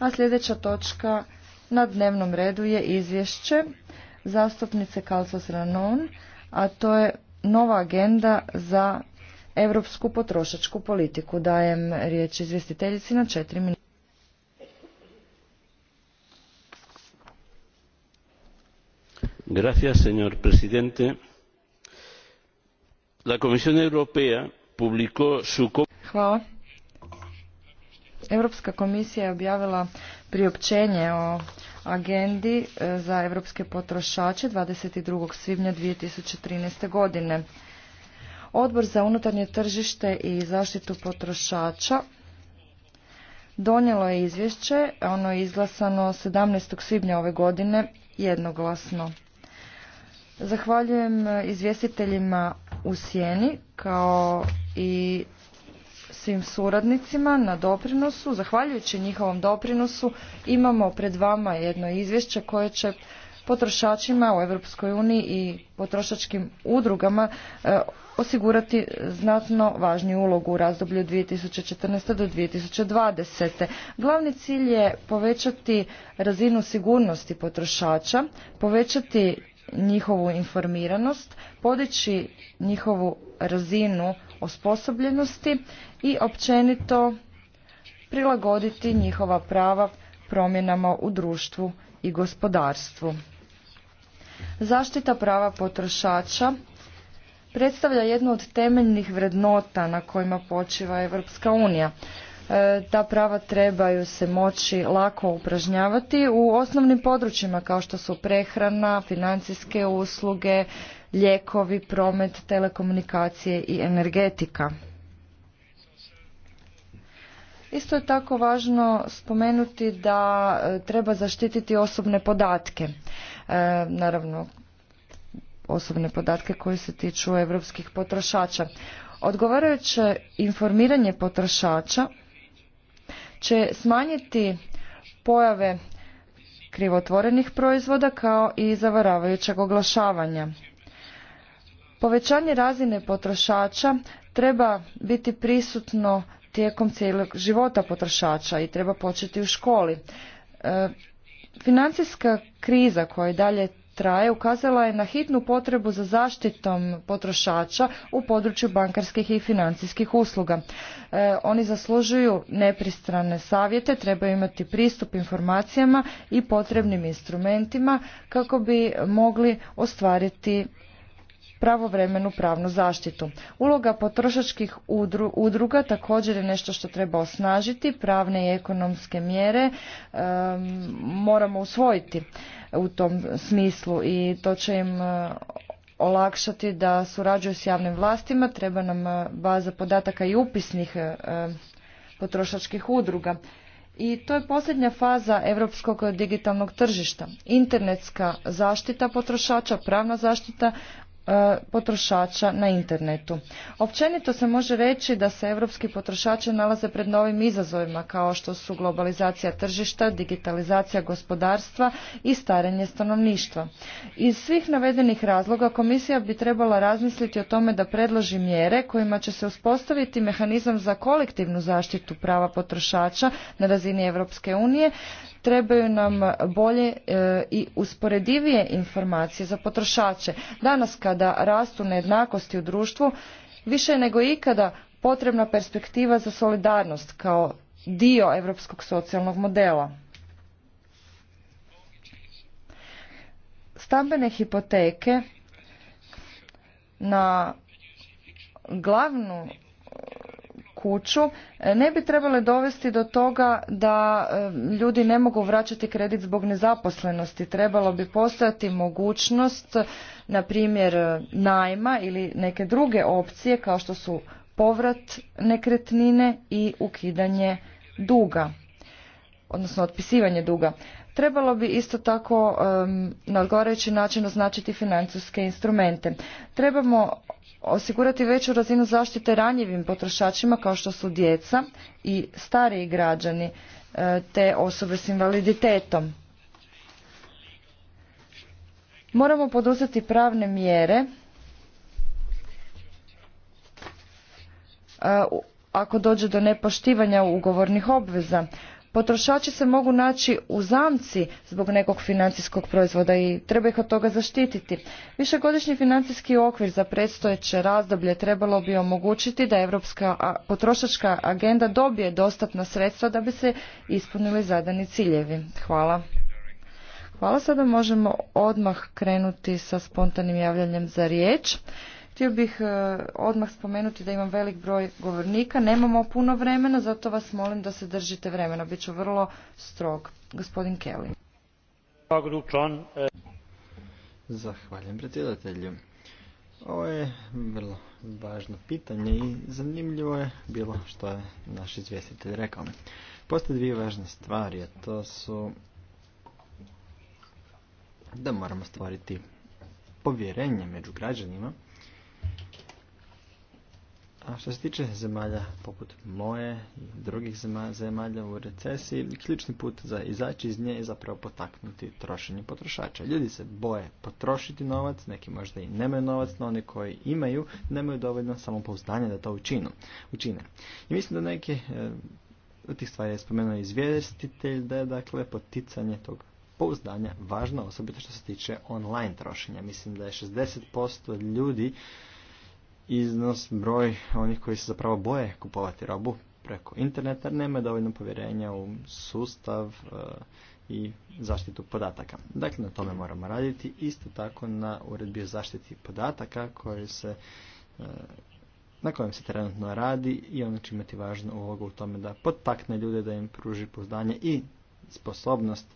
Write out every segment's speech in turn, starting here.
A sljedeća točka na dnevnom redu je izvješće zastupnice Kalsos Ranon, a to je nova agenda za europsku potrošačku politiku. Dajem riječ izvjestiteljici na četiri minuta. Gracias, señor presidente. La Comisión Europea publicó su... Hvala. Europska komisija je objavila priopćenje o agendi e, za europske potrošače 22. svibnja 2013. godine. Odbor za unutarnje tržište i zaštitu potrošača donijelo je izvješće, ono je izglasano 17. svibnja ove godine jednoglasno. Zahvaljujem e, izvjestiteljima u sjeni kao i svim suradnicima na doprinosu. Zahvaljujući njihovom doprinosu imamo pred vama jedno izvješće koje će potrošačima u Europskoj uniji i potrošačkim udrugama e, osigurati znatno važniju ulogu u razdoblju 2014. do 2020. Glavni cilj je povećati razinu sigurnosti potrošača, povećati njihovu informiranost, podići njihovu razinu osposobljenosti i općenito prilagoditi njihova prava promjenama u društvu i gospodarstvu. Zaštita prava potrošača predstavlja jednu od temeljnih vrednota na kojima počiva Europska unija. E, ta prava trebaju se moći lako upražnjavati u osnovnim područjima kao što su prehrana, financijske usluge, lijekovi, promet, telekomunikacije i energetika. Isto je tako važno spomenuti da e, treba zaštititi osobne podatke. E, naravno, osobne podatke koji se tiču europskih potrošača. Odgovarajuće informiranje potrošača će smanjiti pojave krivotvorenih proizvoda kao i zavaravajućeg oglašavanja. Povećanje razine potrošača treba biti prisutno tijekom cijelog života potrošača i treba početi u školi. E, financijska kriza koja je dalje traje ukazala je na hitnu potrebu za zaštitom potrošača u području bankarskih i financijskih usluga. E, oni zaslužuju nepristrane savjete, trebaju imati pristup informacijama i potrebnim instrumentima kako bi mogli ostvariti pravovremenu pravnu zaštitu. Uloga potrošačkih udruga također je nešto što treba osnažiti, pravne i ekonomske mjere moramo usvojiti u tom smislu i to će im e, olakšati da surađuju s javnim vlastima, treba nam e, baza podataka i upisnih e, potrošačkih udruga. I to je posljednja faza europskog digitalnog tržišta. Internetska zaštita potrošača, pravna zaštita E, potrošača na internetu. Općenito se može reći da se europski potrošači nalaze pred novim izazovima kao što su globalizacija tržišta, digitalizacija gospodarstva i starenje stanovništva. Iz svih navedenih razloga komisija bi trebala razmisliti o tome da predloži mjere kojima će se uspostaviti mehanizam za kolektivnu zaštitu prava potrošača na razini Europske unije trebaju nam bolje e, i usporedivije informacije za potrošače. Danas kada rastu nejednakosti u društvu, više nego ikada potrebna perspektiva za solidarnost kao dio evropskog socijalnog modela. Stambene hipoteke na glavnu kuću e, ne bi trebale dovesti do toga da e, ljudi ne mogu vraćati kredit zbog nezaposlenosti. Trebalo bi postojati mogućnost, na primjer, e, najma ili neke druge opcije kao što su povrat nekretnine i ukidanje duga, odnosno otpisivanje duga. Trebalo bi isto tako na odgovarajući način označiti financijske instrumente. Trebamo osigurati veću razinu zaštite ranjivim potrošačima kao što su djeca i stariji građani e, te osobe s invaliditetom. Moramo poduzeti pravne mjere e, ako dođe do nepoštivanja ugovornih obveza. Potrošači se mogu naći u zamci zbog nekog financijskog proizvoda i treba ih od toga zaštititi. Višegodišnji financijski okvir za predstojeće razdoblje trebalo bi omogućiti da Europska potrošačka agenda dobije dostatna sredstva da bi se ispunili zadani ciljevi. Hvala. Hvala, sada možemo odmah krenuti sa spontanim javljanjem za riječ. Htio bih e, odmah spomenuti da imam velik broj govornika. Nemamo puno vremena, zato vas molim da se držite vremena. Biću vrlo strog. Gospodin Kelly. E, zahvaljujem predsjedatelju. Ovo je vrlo važno pitanje i zanimljivo je bilo što je naš izvjestitelj rekao. Postoje dvije važne stvari, a to su da moramo stvoriti povjerenje među građanima a što se tiče zemalja poput moje i drugih zemalja u recesiji, ključni put za izaći iz nje je zapravo potaknuti trošenje potrošača. Ljudi se boje potrošiti novac, neki možda i nemaju novac, no oni koji imaju nemaju dovoljno samopouzdanja da to učinu, učine. I mislim da neke e, od tih stvari je spomenuo izvjestitelj da je dakle poticanje tog pouzdanja važno, osobito što se tiče online trošenja. Mislim da je 60% ljudi iznos, broj onih koji se zapravo boje kupovati robu preko interneta jer nema dovoljno povjerenja u sustav e, i zaštitu podataka. Dakle, na tome moramo raditi. Isto tako na uredbi o zaštiti podataka koji se e, na kojem se trenutno radi i ono će imati važnu ulogu u tome da potakne ljude da im pruži poznanje i sposobnost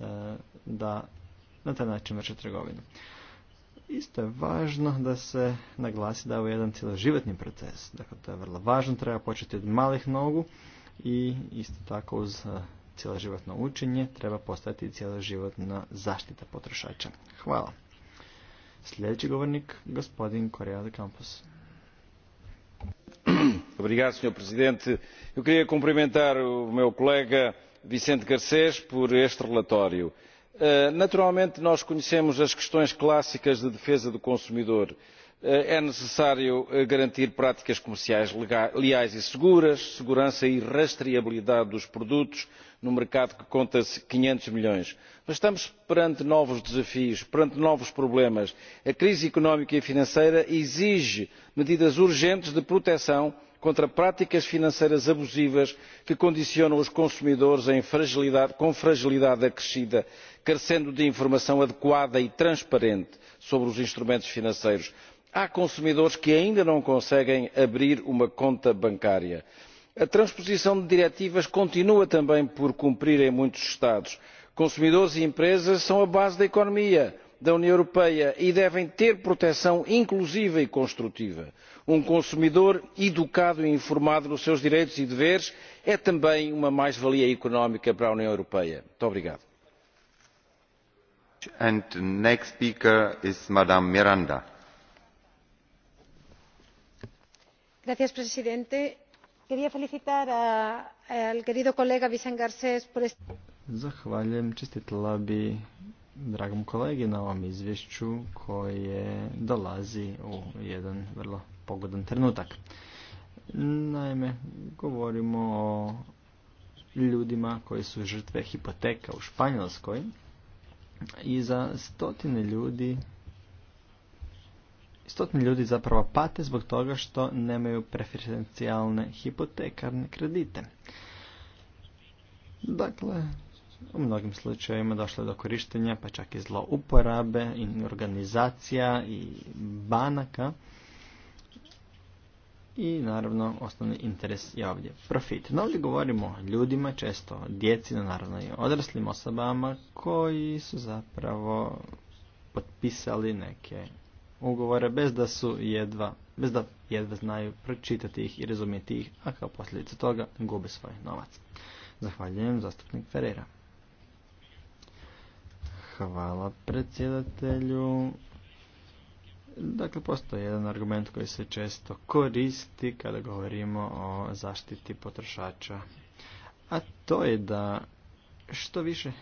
e, da na taj način vrše trgovinu. Isto je važno da se naglasi da je ovo jedan cijeloživotni proces. Dakle, to je vrlo važno, treba početi od malih nogu i isto tako uz e, cijeloživotno učenje treba postati i cijeloživotna zaštita potrošača. Hvala. Sljedeći govornik, gospodin Korea de Campos. Obrigado, Sr. Presidente. Eu queria cumprimentar meu colega Vicente por este relatório. Eh, naturalmente nós conhecemos as questões clássicas de defesa do consumidor eh, é necessário eh, garantir práticas comerciais leais e seguras segurança e rastreabilidade dos produtos num mercado que conta quinhentos milhões mas estamos perante novos desafios perante novos problemas. a crise económica e financeira exige medidas urgentes de proteção contra práticas financeiras abusivas que condicionam os consumidores fragilidade, com fragilidade acrescida carecendo de informação adequada e transparente sobre os instrumentos financeiros. há consumidores que ainda não conseguem abrir uma conta bancária. a transposição de diretivas continua também por cumprir em muitos estados. consumidores e empresas são a base da economia da união europeia e devem ter proteção inclusiva e construtiva um consumidor educado e informado dos seus direitos e deveres é também uma mais valia económica para a união europeia. muito obrigado. señor presidente quería felicitar al querido colega Vicente Garcés por este... Zahvaljujem, čestitala bi dragom kolegi na ovom izvješću koje dolazi u jedan vrlo pogodan trenutak. Naime, govorimo o ljudima koji su žrtve hipoteka u Španjolskoj i za stotine ljudi stotine ljudi zapravo pate zbog toga što nemaju preferencijalne hipotekarne kredite. Dakle, u mnogim slučajevima došlo je do korištenja, pa čak i zlouporabe, i organizacija i banaka i naravno osnovni interes je ovdje profit. No ovdje govorimo o ljudima, često djeci, no naravno i odraslim osobama koji su zapravo potpisali neke ugovore bez da su jedva, bez da jedva znaju pročitati ih i razumjeti ih, a kao posljedica toga gube svoj novac. Zahvaljujem zastupnik Ferreira. Hvala predsjedatelju. Dakle, postoji jedan argument koji se često koristi kada govorimo o zaštiti potrošača. A to je da što više,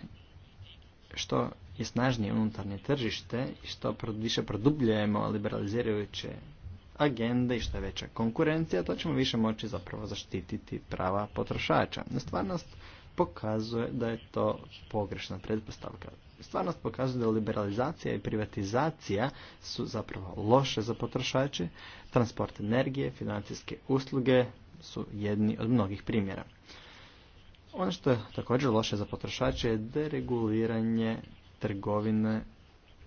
što je snažnije unutarnje tržište i što više produbljujemo liberalizirajuće agende i što je veća konkurencija, to ćemo više moći zapravo zaštititi prava potrošača. Stvarnost pokazuje da je to pogrešna pretpostavka. Stvarnost pokazuje da liberalizacija i privatizacija su zapravo loše za potrošače, transport energije, financijske usluge su jedni od mnogih primjera. Ono što je također loše za potrošače je dereguliranje trgovine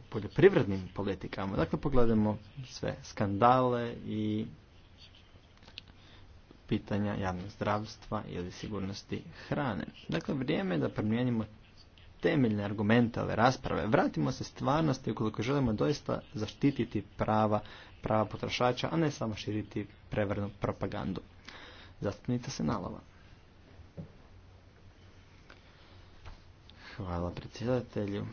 poljoprivrednim politikama. Dakle, pogledajmo sve skandale i pitanja javnog zdravstva ili sigurnosti hrane. Dakle, vrijeme je da promijenimo temeljne argumente ove rasprave. Vratimo se stvarnosti ukoliko želimo doista zaštititi prava, prava potrošača, a ne samo širiti prevrnu propagandu. Zastupnica se nalava. Hvala predsjedatelju.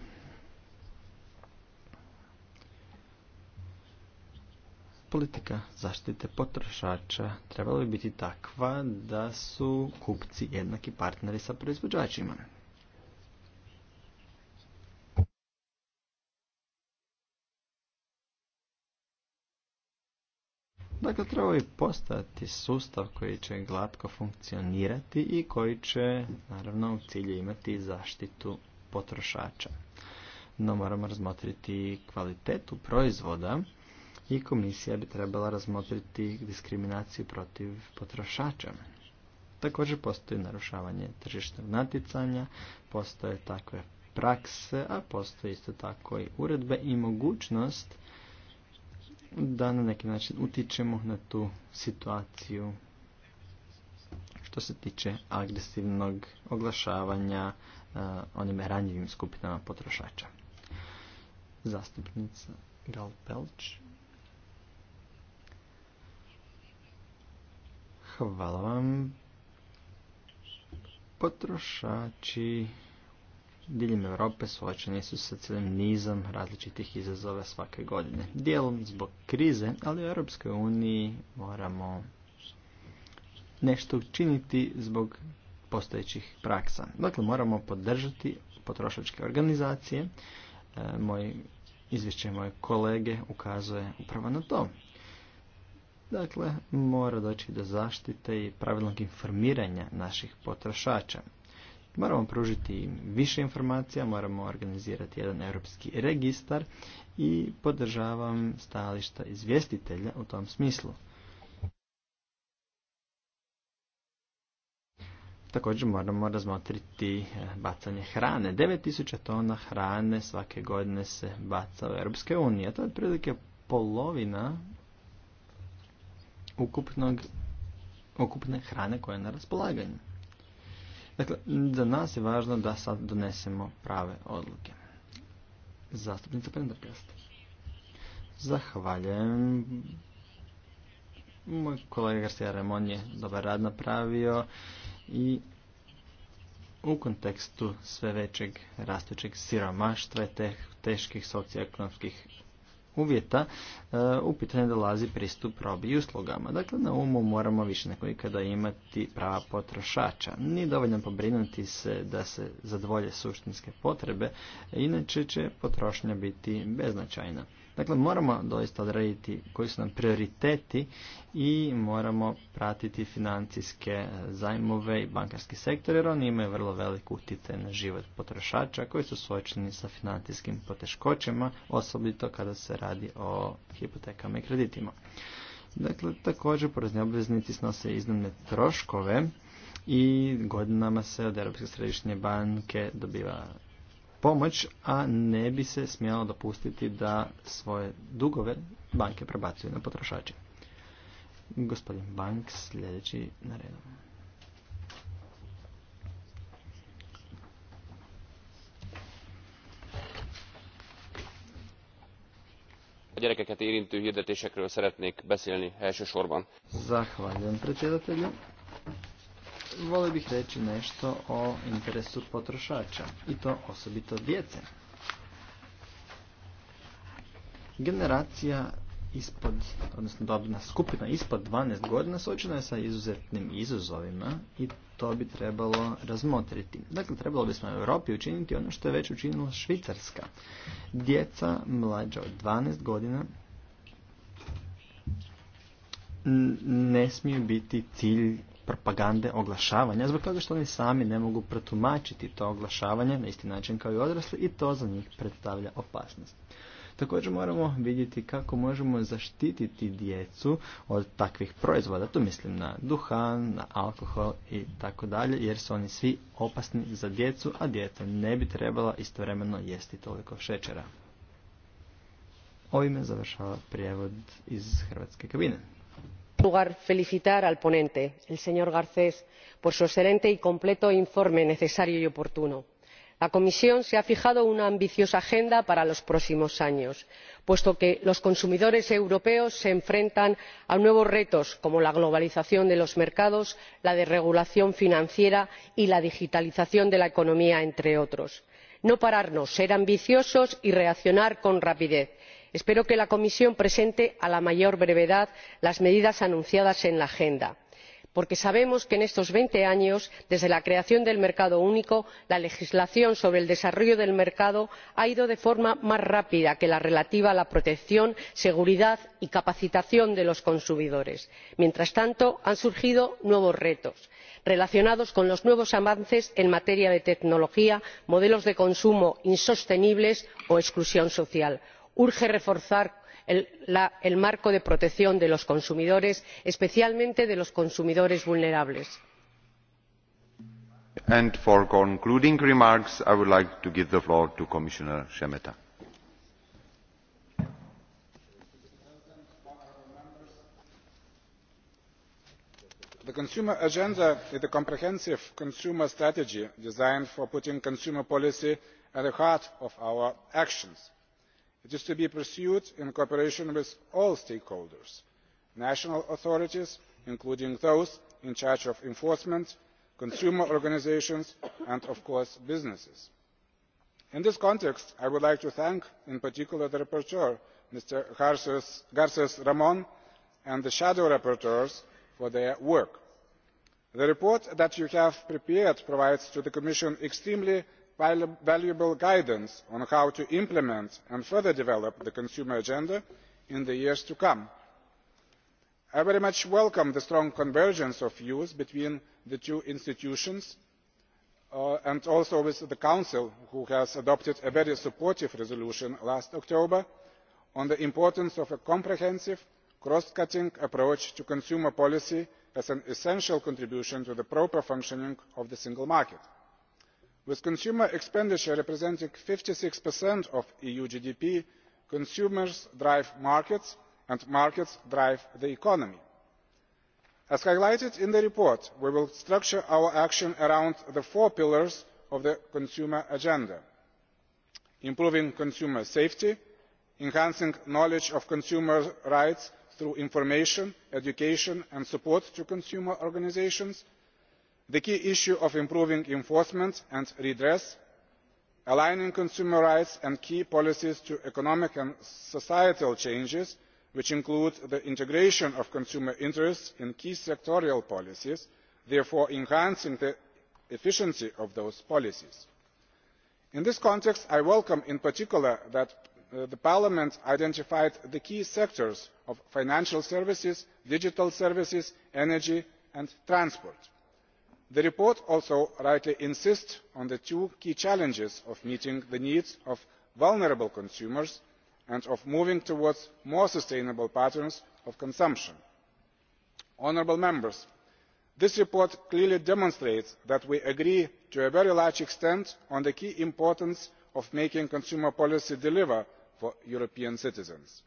politika zaštite potrošača trebala bi biti takva da su kupci jednaki partneri sa proizvođačima. Dakle, treba bi postati sustav koji će glatko funkcionirati i koji će, naravno, u cilju imati zaštitu potrošača. No, moramo razmotriti kvalitetu proizvoda i komisija bi trebala razmotriti diskriminaciju protiv potrošača. Također postoji narušavanje tržišnog natjecanja, postoje takve prakse, a postoje isto tako i uredbe i mogućnost da na neki način utičemo na tu situaciju što se tiče agresivnog oglašavanja onim ranjivim skupinama potrošača. Zastupnica Gal Pelč. Hvala vam. Potrošači diljem Europe suočeni su sa cijelim nizom različitih izazova svake godine. Dijelom zbog krize, ali u Europskoj uniji moramo nešto učiniti zbog postojećih praksa. Dakle, moramo podržati potrošačke organizacije. E, moj izvješće moje kolege ukazuje upravo na to. Dakle, mora doći do zaštite i pravilnog informiranja naših potrošača. Moramo pružiti više informacija, moramo organizirati jedan europski registar i podržavam stajališta izvjestitelja u tom smislu. Također moramo razmotriti eh, bacanje hrane. 9000 tona hrane svake godine se baca u EU. unije. To je otprilike polovina ukupnog, ukupne hrane koja je na raspolaganju. Dakle, za nas je važno da sad donesemo prave odluke. Zastupnica Pendergast. Zahvaljujem. Moj kolega Garcia Ramon je dobar rad napravio i u kontekstu sve većeg rastućeg siromaštva i teških socioekonomskih uvjeta e, u pitanje dolazi pristup robi i uslugama. Dakle, na umu moramo više nekoliko ikada imati prava potrošača. Nije dovoljno pobrinuti se da se zadovolje suštinske potrebe, inače će potrošnja biti beznačajna. Dakle, moramo doista odrediti koji su nam prioriteti i moramo pratiti financijske zajmove i bankarski sektor jer oni imaju vrlo velik utjecaj na život potrošača koji su suočeni sa financijskim poteškoćama, osobito kada se radi o hipotekama i kreditima. Dakle, također porezni obveznici snose iznimne troškove i godinama se od Europske središnje banke dobiva pomoć, a ne bi se smjelo dopustiti da svoje dugove banke prebacuju na potrošače. Gospodin Bank sljedeći na redu. a gyerekeket érintő hirdetésekről szeretnék beszélni elsősorban. Zahvaljujem predsjedatelju volio bih reći nešto o interesu potrošača i to osobito djece. Generacija ispod, odnosno dobna skupina ispod 12 godina suočena je sa izuzetnim izazovima i to bi trebalo razmotriti. Dakle, trebalo bismo u Europi učiniti ono što je već učinila Švicarska. Djeca mlađa od 12 godina ne smiju biti cilj propagande oglašavanja zbog toga što oni sami ne mogu protumačiti to oglašavanje na isti način kao i odrasli i to za njih predstavlja opasnost. Također moramo vidjeti kako možemo zaštititi djecu od takvih proizvoda, tu mislim na duhan, na alkohol i tako dalje, jer su oni svi opasni za djecu, a djeta ne bi trebala istovremeno jesti toliko šećera. Ovime završava prijevod iz hrvatske kabine lugar felicitar al ponente el señor garcés por su excelente y completo informe necesario y oportuno. la comisión se ha fijado una ambiciosa agenda para los próximos años puesto que los consumidores europeos se enfrentan a nuevos retos como la globalización de los mercados la desregulación financiera y la digitalización de la economía entre otros. no pararnos ser ambiciosos y reaccionar con rapidez espero que la comisión presente a la mayor brevedad las medidas anunciadas en la agenda porque sabemos que en estos veinte años desde la creación del mercado único la legislación sobre el desarrollo del mercado ha ido de forma más rápida que la relativa a la protección seguridad y capacitación de los consumidores. mientras tanto han surgido nuevos retos relacionados con los nuevos avances en materia de tecnología modelos de consumo insostenibles o exclusión social urge reforzar el marco de protección de los consumidores especialmente de los consumidores vulnerables. for concluding remarks i would like to give the floor to commissioner the consumer agenda is a comprehensive consumer strategy designed for putting consumer policy at the heart of our actions it is to be pursued in cooperation with all stakeholders national authorities including those in charge of enforcement consumer organisations and of course businesses. in this context i would like to thank in particular the rapporteur mr garcs Ramon, and the shadow rapporteurs for their work. the report that you have prepared provides the commission extremely valuable guidance on how to implement and further develop the consumer agenda in the years to come. i very much welcome the strong convergence of views between the two institutions uh, and also with the council which adopted a very supportive resolution last october on the importance of a comprehensive cross cutting approach to consumer policy as an essential contribution to the proper functioning of the single market with consumer expenditure representing fifty six of eu gdp consumers drive markets and markets drive the economy. as highlighted in the report we will structure our action around the four pillars of the consumer agenda improving consumer safety enhancing knowledge of consumer rights through information education and support to consumer organisations the key issue of improving enforcement and redress aligning consumer rights and key policies to economic and societal changes which include the integration of consumer interests in key sectoral policies therefore enhancing the efficiency of those policies. in this context i welcome in particular that uh, parliament identified the key sectors of financial services digital services energy and transport the report also rightly insists on the two key challenges of meeting the needs of vulnerable consumers and of moving towards more sustainable patterns of consumption. this report clearly demonstrates that we agree to a very large extent on the key importance of making consumer policy deliver for european citizens.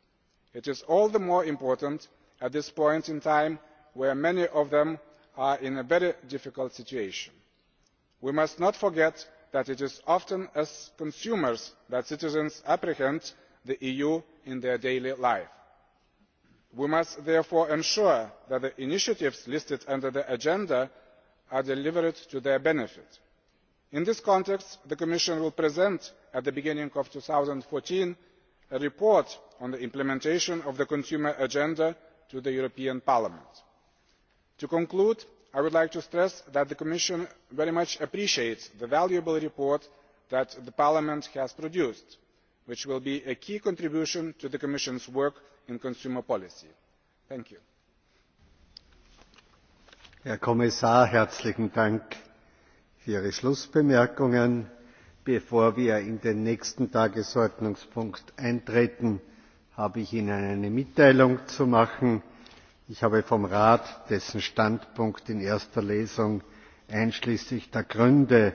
it is all the more important at this point in time where many of them are in a very difficult situation. we must not forget that it is often as consumers that citizens apprehend the eu in their daily life. we must therefore ensure that the initiatives listed under the agenda are delivered to their benefit. in this context the commission will present at the beginning of two thousand and fourteen a report on the implementation of the consumer agenda to the european parliament to conclude i would like to stress that the commission very much appreciates the valuable report that parliament has produced which will be a key contribution to the commission's work in consumer policy. thank you. herr kommissar herzlichen dank für ihre schlussbemerkungen. bevor wir in den nächsten tagesordnungspunkt eintreten habe ich ihnen eine mitteilung zu machen ich habe vom rat dessen standpunkt in erster lesung einschließlich der gründe